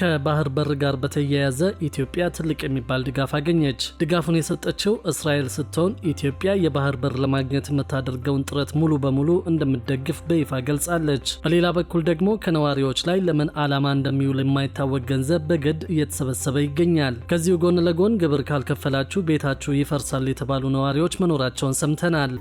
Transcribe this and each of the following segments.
ከባህር በር ጋር በተያያዘ ኢትዮጵያ ትልቅ የሚባል ድጋፍ አገኘች። ድጋፉን የሰጠችው እስራኤል ስትሆን ኢትዮጵያ የባህር በር ለማግኘት የምታደርገውን ጥረት ሙሉ በሙሉ እንደምትደግፍ በይፋ ገልጻለች። በሌላ በኩል ደግሞ ከነዋሪዎች ላይ ለምን ዓላማ እንደሚውል የማይታወቅ ገንዘብ በግድ እየተሰበሰበ ይገኛል። ከዚሁ ጎን ለጎን ግብር ካልከፈላችሁ ቤታችሁ ይፈርሳል የተባሉ ነዋሪዎች መኖራቸውን ሰምተናል።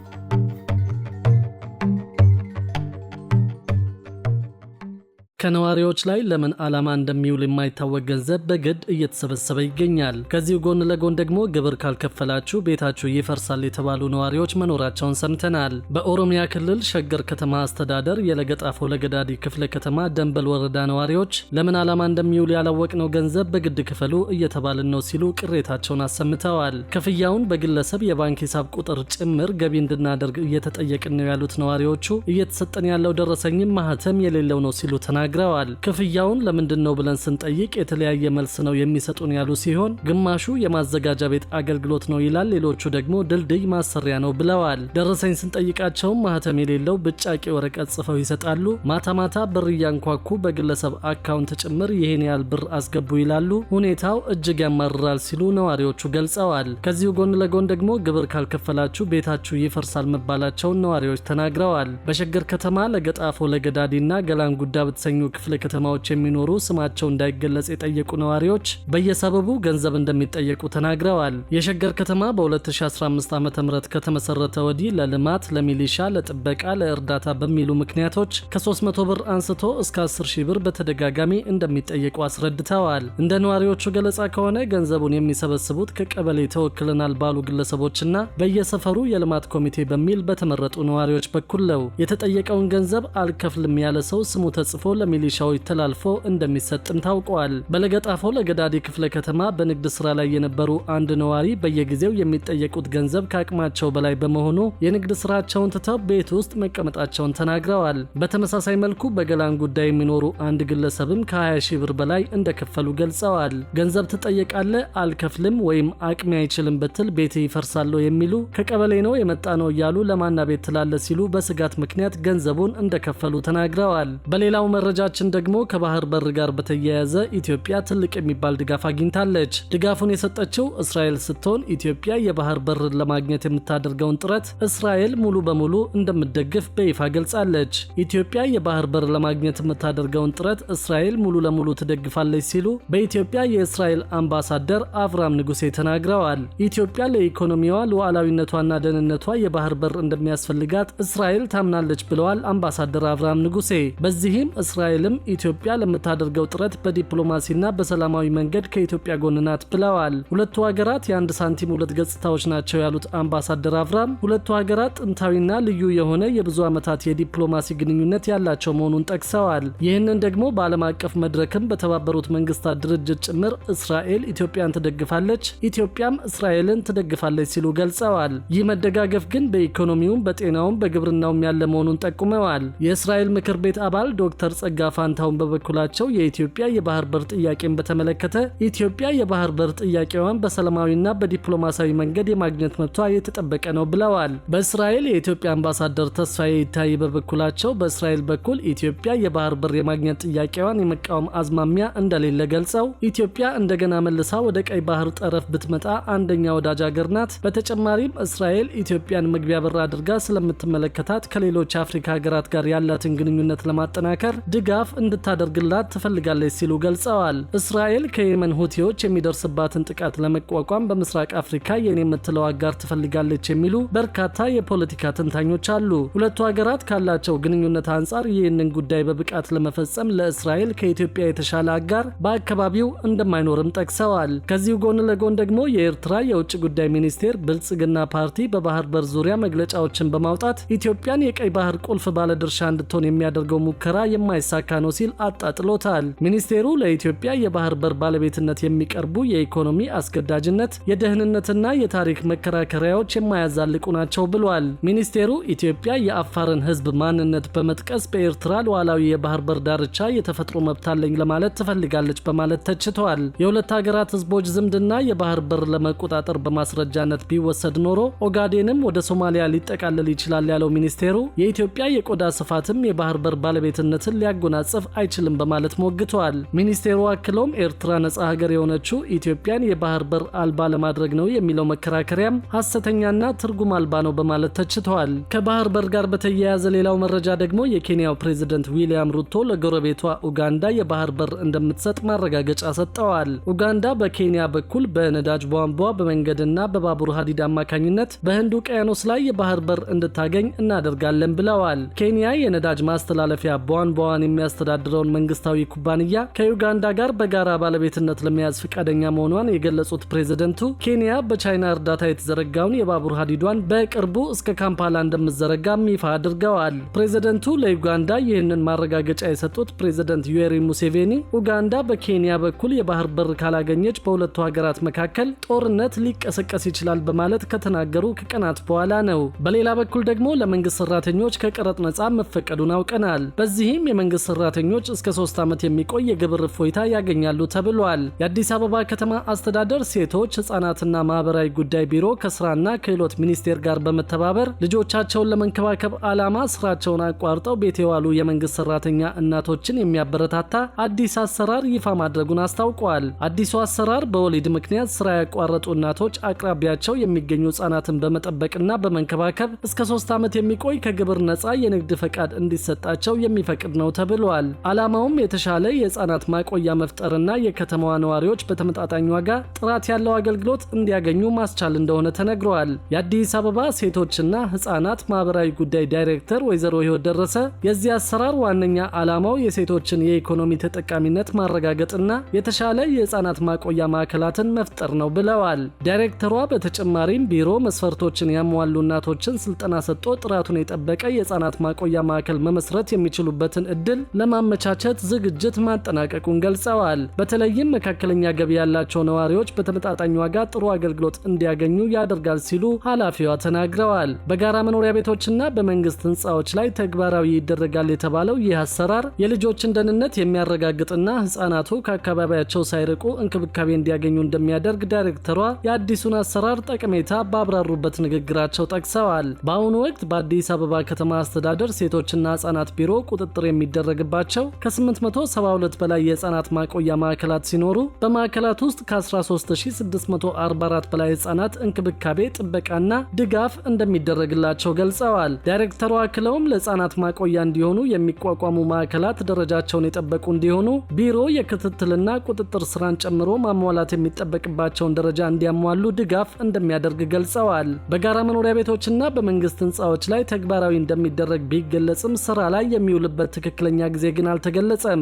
ከነዋሪዎች ላይ ለምን ዓላማ እንደሚውል የማይታወቅ ገንዘብ በግድ እየተሰበሰበ ይገኛል። ከዚሁ ጎን ለጎን ደግሞ ግብር ካልከፈላችሁ ቤታችሁ ይፈርሳል የተባሉ ነዋሪዎች መኖራቸውን ሰምተናል። በኦሮሚያ ክልል ሸገር ከተማ አስተዳደር የለገጣፎ ለገዳዲ ክፍለ ከተማ ደንበል ወረዳ ነዋሪዎች ለምን ዓላማ እንደሚውል ያላወቅነው ገንዘብ በግድ ክፈሉ እየተባልን ነው ሲሉ ቅሬታቸውን አሰምተዋል። ክፍያውን በግለሰብ የባንክ ሂሳብ ቁጥር ጭምር ገቢ እንድናደርግ እየተጠየቅን ነው ያሉት ነዋሪዎቹ እየተሰጠን ያለው ደረሰኝም ማህተም የሌለው ነው ሲሉ ተናግ ተናግረዋል። ክፍያውን ለምንድን ነው ብለን ስንጠይቅ የተለያየ መልስ ነው የሚሰጡን ያሉ ሲሆን ግማሹ የማዘጋጃ ቤት አገልግሎት ነው ይላል፣ ሌሎቹ ደግሞ ድልድይ ማሰሪያ ነው ብለዋል። ደረሰኝ ስንጠይቃቸውም ማህተም የሌለው ብጫቂ ወረቀት ጽፈው ይሰጣሉ። ማታ ማታ ብር እያንኳኩ በግለሰብ አካውንት ጭምር ይህን ያህል ብር አስገቡ ይላሉ። ሁኔታው እጅግ ያማርራል ሲሉ ነዋሪዎቹ ገልጸዋል። ከዚሁ ጎን ለጎን ደግሞ ግብር ካልከፈላችሁ ቤታችሁ ይፈርሳል መባላቸውን ነዋሪዎች ተናግረዋል። በሸገር ከተማ ለገጣፎ ለገዳዲ ና ገላን ጉዳ ብትሰኝ በተሰኙ ክፍለ ከተማዎች የሚኖሩ ስማቸው እንዳይገለጽ የጠየቁ ነዋሪዎች በየሰበቡ ገንዘብ እንደሚጠየቁ ተናግረዋል። የሸገር ከተማ በ2015 ዓ ም ከተመሰረተ ወዲህ ለልማት፣ ለሚሊሻ፣ ለጥበቃ፣ ለእርዳታ በሚሉ ምክንያቶች ከ300 ብር አንስቶ እስከ 10 ሺህ ብር በተደጋጋሚ እንደሚጠየቁ አስረድተዋል። እንደ ነዋሪዎቹ ገለጻ ከሆነ ገንዘቡን የሚሰበስቡት ከቀበሌ ተወክለናል ባሉ ግለሰቦችና በየሰፈሩ የልማት ኮሚቴ በሚል በተመረጡ ነዋሪዎች በኩል ነው። የተጠየቀውን ገንዘብ አልከፍልም ያለ ሰው ስሙ ተጽፎ ለሚሊሻዎች ተላልፎ እንደሚሰጥም ታውቋል። በለገጣፎ ለገዳዲ ክፍለ ከተማ በንግድ ስራ ላይ የነበሩ አንድ ነዋሪ በየጊዜው የሚጠየቁት ገንዘብ ከአቅማቸው በላይ በመሆኑ የንግድ ስራቸውን ትተው ቤት ውስጥ መቀመጣቸውን ተናግረዋል። በተመሳሳይ መልኩ በገላን ጉዳይ የሚኖሩ አንድ ግለሰብም ከ20 ሺህ ብር በላይ እንደከፈሉ ገልጸዋል። ገንዘብ ትጠየቃለ፣ አልከፍልም ወይም አቅሚ አይችልም ብትል ቤት ይፈርሳለሁ የሚሉ ከቀበሌ ነው የመጣ ነው እያሉ ለማና ቤት ትላለ ሲሉ በስጋት ምክንያት ገንዘቡን እንደከፈሉ ተናግረዋል። በሌላው መረጃ መረጃችን ደግሞ ከባህር በር ጋር በተያያዘ ኢትዮጵያ ትልቅ የሚባል ድጋፍ አግኝታለች። ድጋፉን የሰጠችው እስራኤል ስትሆን ኢትዮጵያ የባህር በርን ለማግኘት የምታደርገውን ጥረት እስራኤል ሙሉ በሙሉ እንደምትደግፍ በይፋ ገልጻለች። ኢትዮጵያ የባህር በር ለማግኘት የምታደርገውን ጥረት እስራኤል ሙሉ ለሙሉ ትደግፋለች ሲሉ በኢትዮጵያ የእስራኤል አምባሳደር አብርሃም ንጉሴ ተናግረዋል። ኢትዮጵያ ለኢኮኖሚዋ ሉዓላዊነቷና ደህንነቷ የባህር በር እንደሚያስፈልጋት እስራኤል ታምናለች ብለዋል አምባሳደር አብርሃም ንጉሴ። በዚህም እስራኤል እስራኤልም ኢትዮጵያ ለምታደርገው ጥረት በዲፕሎማሲና በሰላማዊ መንገድ ከኢትዮጵያ ጎን ናት ብለዋል። ሁለቱ ሀገራት የአንድ ሳንቲም ሁለት ገጽታዎች ናቸው ያሉት አምባሳደር አብራም ሁለቱ ሀገራት ጥንታዊና ልዩ የሆነ የብዙ ዓመታት የዲፕሎማሲ ግንኙነት ያላቸው መሆኑን ጠቅሰዋል። ይህንን ደግሞ በዓለም አቀፍ መድረክም በተባበሩት መንግስታት ድርጅት ጭምር እስራኤል ኢትዮጵያን ትደግፋለች፣ ኢትዮጵያም እስራኤልን ትደግፋለች ሲሉ ገልጸዋል። ይህ መደጋገፍ ግን በኢኮኖሚውም፣ በጤናውም፣ በግብርናውም ያለ መሆኑን ጠቁመዋል። የእስራኤል ምክር ቤት አባል ዶክተር ጸ ጸጋ ፋንታውን በበኩላቸው የኢትዮጵያ የባህር በር ጥያቄን በተመለከተ ኢትዮጵያ የባህር በር ጥያቄዋን በሰላማዊና በዲፕሎማሲያዊ መንገድ የማግኘት መብቷ የተጠበቀ ነው ብለዋል። በእስራኤል የኢትዮጵያ አምባሳደር ተስፋዬ ይታይ በበኩላቸው በእስራኤል በኩል ኢትዮጵያ የባህር በር የማግኘት ጥያቄዋን የመቃወም አዝማሚያ እንደሌለ ገልጸው ኢትዮጵያ እንደገና መልሳ ወደ ቀይ ባህር ጠረፍ ብትመጣ አንደኛ ወዳጅ ሀገር ናት። በተጨማሪም እስራኤል ኢትዮጵያን መግቢያ በር አድርጋ ስለምትመለከታት ከሌሎች አፍሪካ ሀገራት ጋር ያላትን ግንኙነት ለማጠናከር ድግ ድጋፍ እንድታደርግላት ትፈልጋለች ሲሉ ገልጸዋል። እስራኤል ከየመን ሁቲዎች የሚደርስባትን ጥቃት ለመቋቋም በምስራቅ አፍሪካ የኔ የምትለው አጋር ትፈልጋለች የሚሉ በርካታ የፖለቲካ ተንታኞች አሉ። ሁለቱ ሀገራት ካላቸው ግንኙነት አንጻር ይህንን ጉዳይ በብቃት ለመፈጸም ለእስራኤል ከኢትዮጵያ የተሻለ አጋር በአካባቢው እንደማይኖርም ጠቅሰዋል። ከዚሁ ጎን ለጎን ደግሞ የኤርትራ የውጭ ጉዳይ ሚኒስቴር ብልጽግና ፓርቲ በባህር በር ዙሪያ መግለጫዎችን በማውጣት ኢትዮጵያን የቀይ ባህር ቁልፍ ባለድርሻ እንድትሆን የሚያደርገው ሙከራ የማይሳ እየተሳካ ነው ሲል አጣጥሎታል። ሚኒስቴሩ ለኢትዮጵያ የባህር በር ባለቤትነት የሚቀርቡ የኢኮኖሚ አስገዳጅነት፣ የደህንነትና የታሪክ መከራከሪያዎች የማያዛልቁ ናቸው ብሏል። ሚኒስቴሩ ኢትዮጵያ የአፋርን ሕዝብ ማንነት በመጥቀስ በኤርትራ ሉዓላዊ የባህር በር ዳርቻ የተፈጥሮ መብት አለኝ ለማለት ትፈልጋለች በማለት ተችተዋል። የሁለት ሀገራት ሕዝቦች ዝምድና የባህር በር ለመቆጣጠር በማስረጃነት ቢወሰድ ኖሮ ኦጋዴንም ወደ ሶማሊያ ሊጠቃለል ይችላል ያለው ሚኒስቴሩ የኢትዮጵያ የቆዳ ስፋትም የባህር በር ባለቤትነትን ሊያ ሊያጎናጽፍ አይችልም በማለት ሞግተዋል። ሚኒስቴሩ አክለውም ኤርትራ ነጻ ሀገር የሆነችው ኢትዮጵያን የባህር በር አልባ ለማድረግ ነው የሚለው መከራከሪያም ሐሰተኛና ትርጉም አልባ ነው በማለት ተችተዋል። ከባህር በር ጋር በተያያዘ ሌላው መረጃ ደግሞ የኬንያው ፕሬዝደንት ዊሊያም ሩቶ ለጎረቤቷ ኡጋንዳ የባህር በር እንደምትሰጥ ማረጋገጫ ሰጥተዋል። ኡጋንዳ በኬንያ በኩል በነዳጅ ቧንቧ በመንገድና በባቡር ሀዲድ አማካኝነት በህንድ ውቅያኖስ ላይ የባህር በር እንድታገኝ እናደርጋለን ብለዋል። ኬንያ የነዳጅ ማስተላለፊያ ቧንቧዋን የሚያስተዳድረውን መንግስታዊ ኩባንያ ከዩጋንዳ ጋር በጋራ ባለቤትነት ለመያዝ ፈቃደኛ መሆኗን የገለጹት ፕሬዝደንቱ ኬንያ በቻይና እርዳታ የተዘረጋውን የባቡር ሀዲዷን በቅርቡ እስከ ካምፓላ እንደምትዘረጋም ይፋ አድርገዋል። ፕሬዝደንቱ ለዩጋንዳ ይህንን ማረጋገጫ የሰጡት ፕሬዝደንት ዩዌሪ ሙሴቬኒ ኡጋንዳ በኬንያ በኩል የባህር በር ካላገኘች በሁለቱ ሀገራት መካከል ጦርነት ሊቀሰቀስ ይችላል በማለት ከተናገሩ ከቀናት በኋላ ነው። በሌላ በኩል ደግሞ ለመንግስት ሰራተኞች ከቀረጥ ነጻ መፈቀዱን አውቀናል። በዚህም የመንግስት የመንግስት ሰራተኞች እስከ ሶስት ዓመት የሚቆይ የግብር እፎይታ ያገኛሉ ተብሏል። የአዲስ አበባ ከተማ አስተዳደር ሴቶች ህጻናትና ማህበራዊ ጉዳይ ቢሮ ከስራና ክህሎት ሚኒስቴር ጋር በመተባበር ልጆቻቸውን ለመንከባከብ ዓላማ ስራቸውን አቋርጠው ቤት የዋሉ የመንግስት ሰራተኛ እናቶችን የሚያበረታታ አዲስ አሰራር ይፋ ማድረጉን አስታውቋል። አዲሱ አሰራር በወሊድ ምክንያት ስራ ያቋረጡ እናቶች አቅራቢያቸው የሚገኙ ህጻናትን በመጠበቅና በመንከባከብ እስከ ሶስት ዓመት የሚቆይ ከግብር ነጻ የንግድ ፈቃድ እንዲሰጣቸው የሚፈቅድ ነው ተብሏል። ዓላማውም የተሻለ የህፃናት ማቆያ መፍጠርና የከተማዋ ነዋሪዎች በተመጣጣኝ ዋጋ ጥራት ያለው አገልግሎት እንዲያገኙ ማስቻል እንደሆነ ተነግረዋል። የአዲስ አበባ ሴቶችና ህፃናት ማህበራዊ ጉዳይ ዳይሬክተር ወይዘሮ ህይወት ደረሰ የዚህ አሰራር ዋነኛ ዓላማው የሴቶችን የኢኮኖሚ ተጠቃሚነት ማረጋገጥና የተሻለ የህፃናት ማቆያ ማዕከላትን መፍጠር ነው ብለዋል። ዳይሬክተሯ በተጨማሪም ቢሮ መስፈርቶችን ያሟሉ እናቶችን ስልጠና ሰጥቶ ጥራቱን የጠበቀ የህፃናት ማቆያ ማዕከል መመስረት የሚችሉበትን እድል እድል ለማመቻቸት ዝግጅት ማጠናቀቁን ገልጸዋል። በተለይም መካከለኛ ገቢ ያላቸው ነዋሪዎች በተመጣጣኝ ዋጋ ጥሩ አገልግሎት እንዲያገኙ ያደርጋል ሲሉ ኃላፊዋ ተናግረዋል። በጋራ መኖሪያ ቤቶችና በመንግስት ህንፃዎች ላይ ተግባራዊ ይደረጋል የተባለው ይህ አሰራር የልጆችን ደህንነት የሚያረጋግጥና ህጻናቱ ከአካባቢያቸው ሳይርቁ እንክብካቤ እንዲያገኙ እንደሚያደርግ ዳይሬክተሯ የአዲሱን አሰራር ጠቀሜታ ባብራሩበት ንግግራቸው ጠቅሰዋል። በአሁኑ ወቅት በአዲስ አበባ ከተማ አስተዳደር ሴቶችና ህጻናት ቢሮ ቁጥጥር የሚደረግ የሚደረግባቸው ከ872 በላይ የህፃናት ማቆያ ማዕከላት ሲኖሩ በማዕከላት ውስጥ ከ13644 በላይ ህፃናት እንክብካቤ ጥበቃና ድጋፍ እንደሚደረግላቸው ገልጸዋል። ዳይሬክተሩ አክለውም ለህፃናት ማቆያ እንዲሆኑ የሚቋቋሙ ማዕከላት ደረጃቸውን የጠበቁ እንዲሆኑ ቢሮ የክትትልና ቁጥጥር ስራን ጨምሮ ማሟላት የሚጠበቅባቸውን ደረጃ እንዲያሟሉ ድጋፍ እንደሚያደርግ ገልጸዋል። በጋራ መኖሪያ ቤቶችና በመንግስት ህንፃዎች ላይ ተግባራዊ እንደሚደረግ ቢገለጽም ስራ ላይ የሚውልበት ትክክለኛ ለሁለተኛ ጊዜ ግን አልተገለጸም።